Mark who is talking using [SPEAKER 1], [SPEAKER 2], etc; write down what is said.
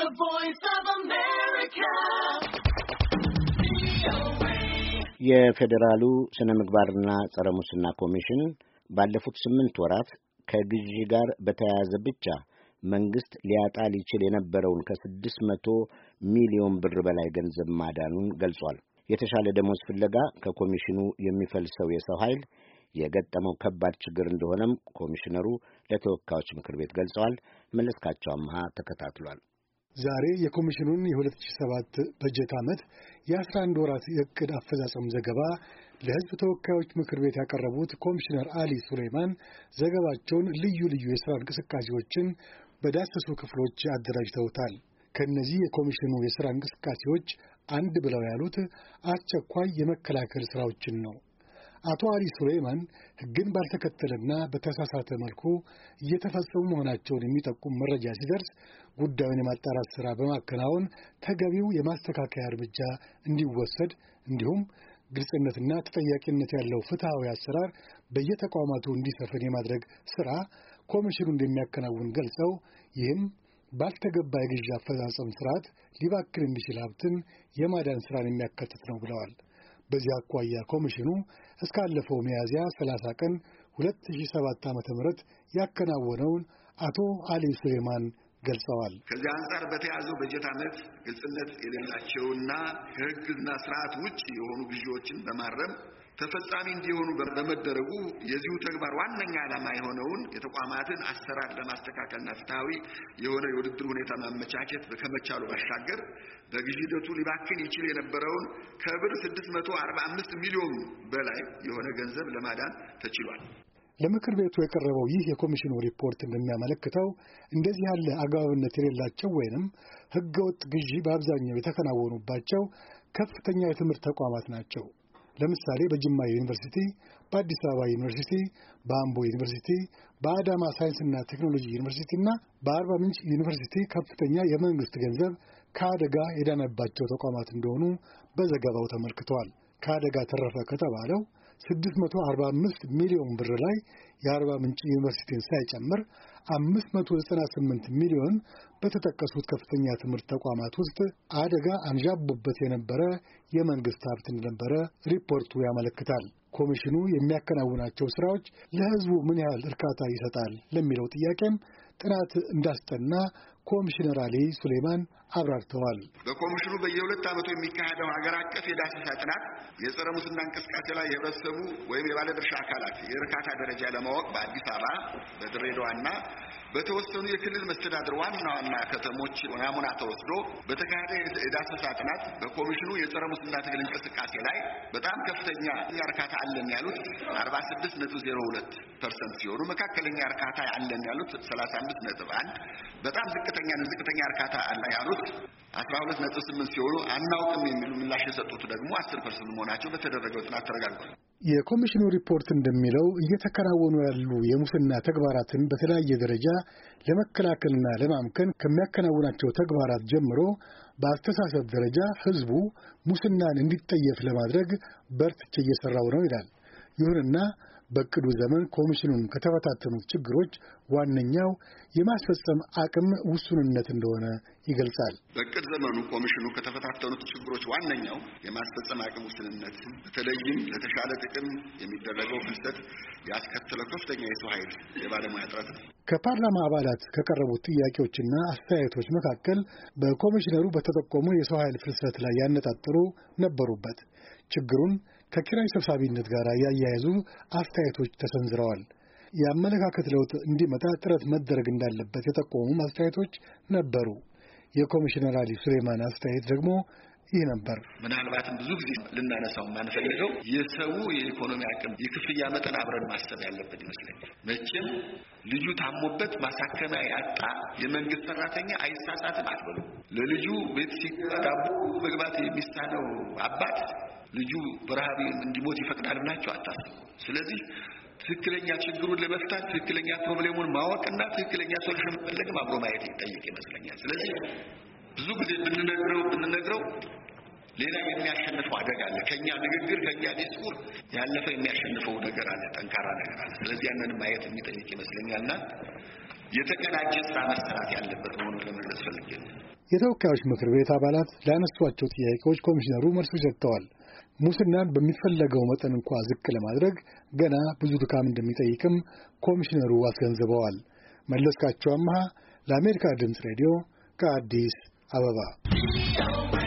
[SPEAKER 1] The Voice of America. የፌዴራሉ ስነ ምግባርና ጸረ ሙስና ኮሚሽን ባለፉት ስምንት ወራት ከግዢ ጋር በተያያዘ ብቻ መንግስት ሊያጣ ሊችል የነበረውን ከስድስት መቶ ሚሊዮን ብር በላይ ገንዘብ ማዳኑን ገልጿል። የተሻለ ደሞዝ ፍለጋ ከኮሚሽኑ የሚፈልሰው የሰው ኃይል የገጠመው ከባድ ችግር እንደሆነም ኮሚሽነሩ ለተወካዮች ምክር ቤት ገልጸዋል። መለስካቸው አምሃ ተከታትሏል።
[SPEAKER 2] ዛሬ የኮሚሽኑን የ2007 በጀት ዓመት የ11 ወራት የእቅድ አፈጻጸም ዘገባ ለሕዝብ ተወካዮች ምክር ቤት ያቀረቡት ኮሚሽነር አሊ ሱሌይማን ዘገባቸውን ልዩ ልዩ የሥራ እንቅስቃሴዎችን በዳሰሱ ክፍሎች አደራጅተውታል። ከእነዚህ የኮሚሽኑ የሥራ እንቅስቃሴዎች አንድ ብለው ያሉት አስቸኳይ የመከላከል ሥራዎችን ነው። አቶ አሊ ሱሌይማን ሕግን ባልተከተለና በተሳሳተ መልኩ እየተፈጸሙ መሆናቸውን የሚጠቁም መረጃ ሲደርስ ጉዳዩን የማጣራት ሥራ በማከናወን ተገቢው የማስተካከያ እርምጃ እንዲወሰድ እንዲሁም ግልጽነትና ተጠያቂነት ያለው ፍትሐዊ አሰራር በየተቋማቱ እንዲሰፍን የማድረግ ሥራ ኮሚሽኑ እንደሚያከናውን ገልጸው ይህም ባልተገባ የግዢ አፈጻጸም ስርዓት ሊባክን የሚችል ሀብትን የማዳን ስራን የሚያካትት ነው ብለዋል። በዚህ አኳያ ኮሚሽኑ እስካለፈው ሚያዝያ 30 ቀን 2007 ዓ.ም ያከናወነውን አቶ አሊ ሱሌማን ገልጸዋል።
[SPEAKER 1] ከዚህ አንጻር በተያዘው በጀት ዓመት ግልጽነት የሌላቸውና ከሕግና ስርዓት ውጭ የሆኑ ግዢዎችን በማረም ተፈጻሚ እንዲሆኑ በመደረጉ የዚሁ ተግባር ዋነኛ ዓላማ የሆነውን የተቋማትን አሰራር ለማስተካከልና ፍትሐዊ የሆነ የውድድር ሁኔታ ማመቻቸት ከመቻሉ ባሻገር በግዢ ሂደቱ ሊባክን ይችል የነበረውን ከብር 645 ሚሊዮን በላይ የሆነ ገንዘብ ለማዳን ተችሏል።
[SPEAKER 2] ለምክር ቤቱ የቀረበው ይህ የኮሚሽኑ ሪፖርት እንደሚያመለክተው እንደዚህ ያለ አግባብነት የሌላቸው ወይንም ህገወጥ ግዢ በአብዛኛው የተከናወኑባቸው ከፍተኛ የትምህርት ተቋማት ናቸው። ለምሳሌ በጅማ ዩኒቨርሲቲ፣ በአዲስ አበባ ዩኒቨርሲቲ፣ በአምቦ ዩኒቨርሲቲ፣ በአዳማ ሳይንስና ቴክኖሎጂ ዩኒቨርሲቲ እና በአርባ ምንጭ ዩኒቨርሲቲ ከፍተኛ የመንግስት ገንዘብ ከአደጋ የዳነባቸው ተቋማት እንደሆኑ በዘገባው ተመልክተዋል። ከአደጋ ተረፈ ከተባለው 645 ሚሊዮን ብር ላይ የአርባ ምንጭ ዩኒቨርሲቲን ሳይጨምር 598 ሚሊዮን በተጠቀሱት ከፍተኛ ትምህርት ተቋማት ውስጥ አደጋ አንዣቦበት የነበረ የመንግስት ሀብት እንደነበረ ሪፖርቱ ያመለክታል። ኮሚሽኑ የሚያከናውናቸው ስራዎች ለህዝቡ ምን ያህል እርካታ ይሰጣል ለሚለው ጥያቄም ጥናት እንዳስጠና ኮሚሽነር አሊ ሱሌማን አብራርተዋል።
[SPEAKER 1] በኮሚሽኑ በየሁለት ዓመቱ የሚካሄደው ሀገር አቀፍ የዳሰሳ ጥናት የጸረ ሙስና እንቅስቃሴ ላይ የህብረተሰቡ ወይም የባለ ድርሻ አካላት የእርካታ ደረጃ ለማወቅ በአዲስ አበባ በድሬዳዋና በተወሰኑ የክልል መስተዳድር ዋና ዋና ከተሞች ናሙና ተወስዶ በተካሄደ የዳሰሳ ጥናት በኮሚሽኑ የጸረ ሙስና ትግል እንቅስቃሴ ላይ በጣም ከፍተኛ እርካታ አለን ያሉት አርባ ስድስት ነጥብ ዜሮ ሁለት ፐርሰንት ሲሆኑ መካከለኛ እርካታ አለን ያሉት ሰላሳ አምስት ነጥብ አንድ በጣም ዝቅተ ከፍተኛ ዝቅተኛ እርካታ አለ ያሉት አስራ ሁለት ነጥብ ስምንት ሲሆኑ አናውቅም የሚሉ ምላሽ የሰጡት ደግሞ አስር ፐርሰንት መሆናቸው በተደረገው ጥናት ተረጋግጧል።
[SPEAKER 2] የኮሚሽኑ ሪፖርት እንደሚለው እየተከናወኑ ያሉ የሙስና ተግባራትን በተለያየ ደረጃ ለመከላከልና ለማምከን ከሚያከናውናቸው ተግባራት ጀምሮ በአስተሳሰብ ደረጃ ሕዝቡ ሙስናን እንዲጠየፍ ለማድረግ በርትቼ እየሰራው ነው ይላል። ይሁንና በእቅዱ ዘመን ኮሚሽኑን ከተፈታተኑት ችግሮች ዋነኛው የማስፈጸም አቅም ውሱንነት እንደሆነ ይገልጻል።
[SPEAKER 1] በቅድ ዘመኑ ኮሚሽኑ ከተፈታተኑት ችግሮች ዋነኛው የማስፈጸም አቅም ውስንነት፣ በተለይም ለተሻለ ጥቅም የሚደረገው ፍልሰት ያስከተለው ከፍተኛ የሰው ኃይል የባለሙያ እጥረት ነው።
[SPEAKER 2] ከፓርላማ አባላት ከቀረቡት ጥያቄዎችና አስተያየቶች መካከል በኮሚሽነሩ በተጠቆሙ የሰው ኃይል ፍልሰት ላይ ያነጣጠሩ ነበሩበት። ችግሩን ከኪራይ ሰብሳቢነት ጋር ያያያዙ አስተያየቶች ተሰንዝረዋል። የአመለካከት ለውጥ እንዲመጣ ጥረት መደረግ እንዳለበት የጠቆሙ አስተያየቶች ነበሩ። የኮሚሽነር አሊ ሱሌማን አስተያየት ደግሞ ይህ ነበር።
[SPEAKER 1] ምናልባትም ብዙ ጊዜ ልናነሳው የማንፈልገው የሰው የኢኮኖሚ አቅም፣ የክፍያ መጠን አብረን ማሰብ ያለበት ይመስለኛል። መቼም ልጁ ታሞበት ማሳከሚያ ያጣ የመንግስት ሰራተኛ አይሳሳትም አትበሉ። ለልጁ ቤት ሲዳቦ መግባት የሚሳነው አባት ልጁ በረሃብ እንዲሞት ይፈቅዳል ብላቸው አታስቡ። ስለዚህ ትክክለኛ ችግሩን ለመፍታት ትክክለኛ ፕሮብሌሙን ማወቅና ትክክለኛ ሶሉሽን መፈለግም አብሮ ማየት ይጠይቅ ይመስለኛል። ስለዚህ ብዙ ጊዜ ብንነግረው ብንነግረው ሌላ የሚያሸንፈው አደጋ አለ። ከኛ ንግግር ከኛ ዲስኩር ያለፈ የሚያሸንፈው ነገር አለ፣ ጠንካራ ነገር አለ። ስለዚህ ያንን ማየት የሚጠይቅ ይመስለኛል እና የተቀናጀ ስራ መሰራት ያለበት መሆኑን ለመግለጽ ፈልጌ ነው።
[SPEAKER 2] የተወካዮች ምክር ቤት አባላት ላነሷቸው ጥያቄዎች ኮሚሽነሩ መልስ ሰጥተዋል። ሙስናን በሚፈለገው መጠን እንኳ ዝቅ ለማድረግ ገና ብዙ ድካም እንደሚጠይቅም ኮሚሽነሩ አስገንዝበዋል። መለስካቸው አምሃ ለአሜሪካ ድምፅ ሬዲዮ ከአዲስ አበባ